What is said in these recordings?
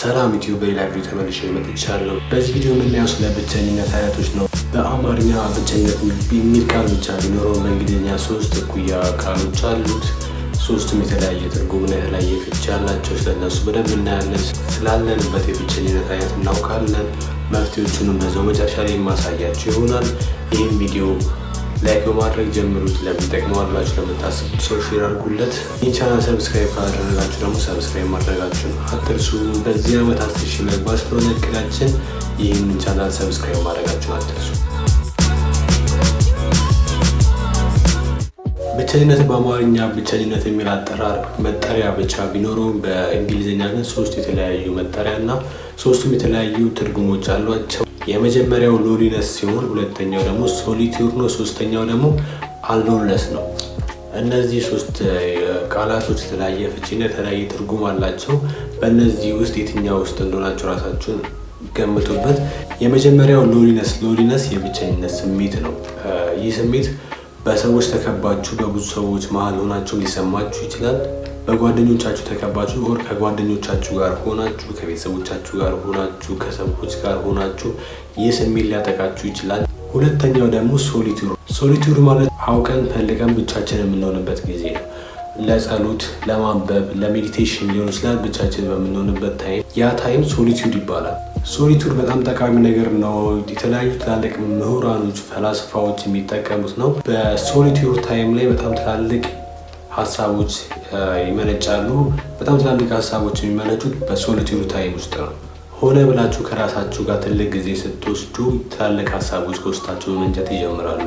ሰላም ኢትዮ በሌላ ተመልሼ መጥቻለሁ። በዚህ ቪዲዮ የምናየው ስለ ብቸኝነት አይነቶች ነው። በአማርኛ ብቸኝነት የሚል ቃል ብቻ ቢኖረው በእንግሊዝኛ ሶስት እኩያ ቃሎች አሉት። ሶስቱም የተለያየ ትርጉምና የተለያየ ፍቺ ያላቸው። ስለነሱ በደንብ እናያለን። ስላለንበት የብቸኝነት አይነት እናውቃለን፣ መፍትሄዎቹንም በዛው መጨረሻ ላይ የማሳያቸው ይሆናል። ይህም ቪዲዮ ላይክ በማድረግ ጀምሩት። ለሚጠቅመው አድርጋችሁ ለምታስቡት ሰው ሼር አድርጉለት። ይህ ቻናል ሰብስክራይብ ካላደረጋችሁ ደግሞ ሰብስክራይብ ማድረጋችሁን አትርሱ። በዚህ ዓመት አስር ሺህ መግባት ስለሆነ እቅዳችን ይህንን ቻናል ሰብስክራይብ ማድረጋችሁን አትርሱ። ብቸኝነት በአማርኛ ብቸኝነት የሚል አጠራር መጠሪያ ብቻ ቢኖረውም በእንግሊዝኛ ግን ሶስት የተለያዩ መጠሪያ እና ሶስቱም የተለያዩ ትርጉሞች አሏቸው። የመጀመሪያው ሎሊነስ ሲሆን ሁለተኛው ደግሞ ሶሊቲዩድ ነው። ሶስተኛው ደግሞ አሎንነስ ነው። እነዚህ ሶስት ቃላቶች የተለያየ ፍቺና የተለያየ ትርጉም አላቸው። በእነዚህ ውስጥ የትኛው ውስጥ እንደሆናቸው ራሳችሁን ገምቱበት። የመጀመሪያው ሎሊነስ ሎሊነስ የብቸኝነት ስሜት ነው። ይህ ስሜት በሰዎች ተከባችሁ በብዙ ሰዎች መሀል ሆናችሁ ሊሰማችሁ ይችላል። በጓደኞቻችሁ ተከባችሁ ኦር ከጓደኞቻችሁ ጋር ሆናችሁ ከቤተሰቦቻችሁ ጋር ሆናችሁ ከሰዎች ጋር ሆናችሁ ይህ ስሜት ሊያጠቃችሁ ይችላል። ሁለተኛው ደግሞ ሶሊቱድ። ሶሊቱድ ማለት አውቀን ፈልገን ብቻችን የምንሆንበት ጊዜ ነው። ለጸሎት፣ ለማንበብ፣ ለሜዲቴሽን ሊሆን ይችላል። ብቻችን በምንሆንበት ታይም ያ ታይም ሶሊቱድ ይባላል። ሶሊቱድ በጣም ጠቃሚ ነገር ነው። የተለያዩ ትላልቅ ምሁራኖች፣ ፈላስፋዎች የሚጠቀሙት ነው። በሶሊቱድ ታይም ላይ በጣም ትላልቅ ሀሳቦች ይመነጫሉ። በጣም ትላልቅ ሀሳቦች የሚመነጩት በሶሊቲዩድ ታይም ውስጥ ነው። ሆነ ብላችሁ ከራሳችሁ ጋር ትልቅ ጊዜ ስትወስዱ ትላልቅ ሀሳቦች ከውስጣችሁ መንጨት ይጀምራሉ።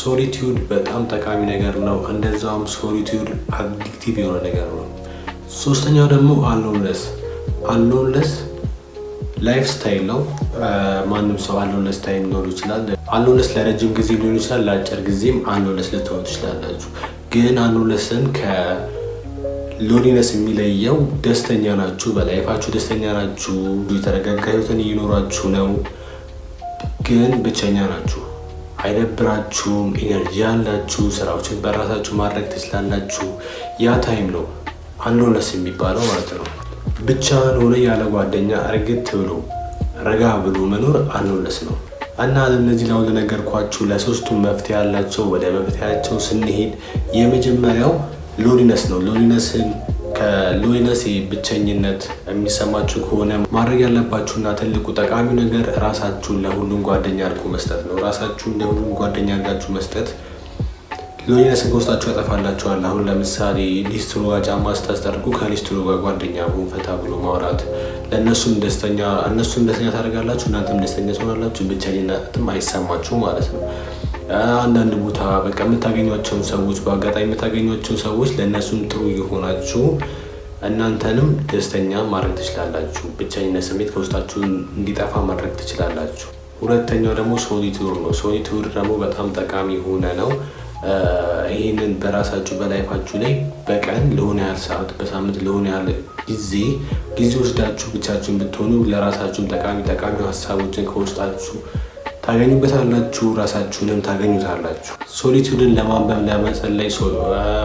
ሶሊቲዩድ በጣም ጠቃሚ ነገር ነው። እንደዛውም ሶሊቲዩድ አዲክቲቭ የሆነ ነገር ነው። ሶስተኛው ደግሞ አሎንለስ አሎንለስ ላይፍ ስታይል ነው። ማንም ሰው አሎንለስ ታይም ሊኖሩ ይችላል። አሎንለስ ለረጅም ጊዜ ሊሆን ይችላል፣ ለአጭር ጊዜም አሎንለስ ልትሆኑ ትችላላችሁ። ግን አኖለስን ከሎኒነስ የሚለየው ደስተኛ ናችሁ፣ በላይፋችሁ ደስተኛ ናችሁ፣ የተረጋጋ ህይወትን እየኖራችሁ ነው፣ ግን ብቸኛ ናችሁ፣ አይደብራችሁም፣ ኢነርጂ አላችሁ፣ ስራዎችን በራሳችሁ ማድረግ ትችላላችሁ። ያ ታይም ነው አኖለስ የሚባለው ማለት ነው። ብቻ ሆነ ያለ ጓደኛ እርግት ብሎ ረጋ ብሎ መኖር አኖለስ ነው። እና እነዚህ ለሁሉ ለነገርኳችሁ ለሶስቱም መፍትሄ ያላቸው። ወደ መፍትሄያቸው ስንሄድ የመጀመሪያው ሎሊነስ ነው። ሎሊነስን ከሎሊነስ ብቸኝነት የሚሰማችሁ ከሆነ ማድረግ ያለባችሁና ትልቁ ጠቃሚው ነገር ራሳችሁን ለሁሉም ጓደኛ አድርጎ መስጠት ነው። ራሳችሁን ለሁሉም ጓደኛ አድርጋችሁ መስጠት ሌላኛ ከውስጣችሁ ያጠፋላችኋል። አሁን ለምሳሌ ሊስትሮ ጋር ጫማ ስታስጠርጉ ከሊስትሮ ጋር ጓደኛ ብሆን ፈታ ብሎ ማውራት ለእነሱም ደስተኛ እነሱም ደስተኛ ታደርጋላችሁ፣ እናንተም ደስተኛ ትሆናላችሁ። ብቸኝነትም አይሰማችሁ ማለት ነው። አንዳንድ ቦታ በቃ የምታገኟቸውን ሰዎች በአጋጣሚ የምታገኟቸው ሰዎች ለእነሱም ጥሩ የሆናችሁ እናንተንም ደስተኛ ማድረግ ትችላላችሁ። ብቸኝነት ስሜት ከውስጣችሁ እንዲጠፋ ማድረግ ትችላላችሁ። ሁለተኛው ደግሞ ሶሊቱር ነው። ሶሊቱር ደግሞ በጣም ጠቃሚ የሆነ ነው። ይህንን በራሳችሁ በላይፋችሁ ላይ በቀን ለሆነ ያህል ሰዓት በሳምንት ለሆነ ያህል ጊዜ ጊዜ ወስዳችሁ ብቻችሁን ብትሆኑ ለራሳችሁም ጠቃሚ ጠቃሚ ሀሳቦችን ከውስጣችሁ ታገኙበታላችሁ፣ ራሳችሁንም ታገኙታላችሁ። ሶሊቲዩድን ለማንበብ፣ ለመጸለይ፣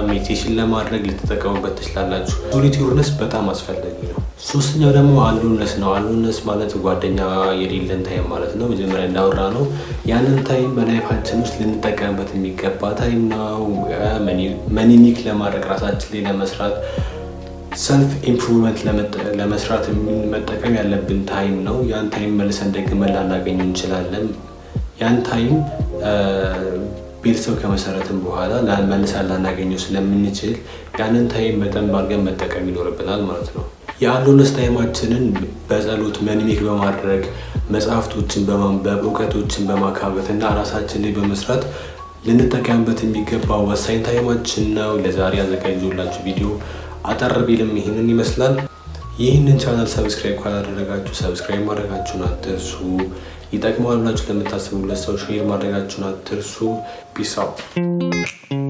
ሜዲቴሽን ለማድረግ ልትጠቀሙበት ትችላላችሁ። ሶሊቲዩድነስ በጣም አስፈላጊ ነው። ሶስተኛው ደግሞ አሎነስ ነው። አሎነስ ማለት ጓደኛ የሌለን ታይም ማለት ነው። መጀመሪያ እንዳወራ ነው። ያንን ታይም በላይፋችን ውስጥ ልንጠቀምበት የሚገባ ታይም ነው። መኒኒክ ለማድረግ ራሳችን ላይ ለመስራት ሰልፍ ኢምፕሩቭመንት ለመስራት መጠቀም ያለብን ታይም ነው። ያን ታይም መልሰን ደግመን ላናገኝ እንችላለን። ያን ታይም ቤተሰብ ከመሰረትን በኋላ መልሰን ላናገኘው ስለምንችል ያንን ታይም በጠን ባርገን መጠቀም ይኖርብናል ማለት ነው። የአንዶነስ ታይማችንን በጸሎት መንሚክ በማድረግ መጽሐፍቶችን በማንበብ እውቀቶችን በማካበት እና ራሳችን ላይ በመስራት ልንጠቀምበት የሚገባ ወሳኝ ታይማችን ነው። ለዛሬ ያዘጋጀሁላችሁ ቪዲዮ አጠር ቢልም ይህንን ይመስላል። ይህንን ቻናል ሰብስክራይብ ካላደረጋችሁ ሰብስክራይብ ማድረጋችሁን አትርሱ። ይጠቅመዋል ብላችሁ ለምታስቡለት ሰው ሼር ማድረጋችሁን አትርሱ። ፒስ አውት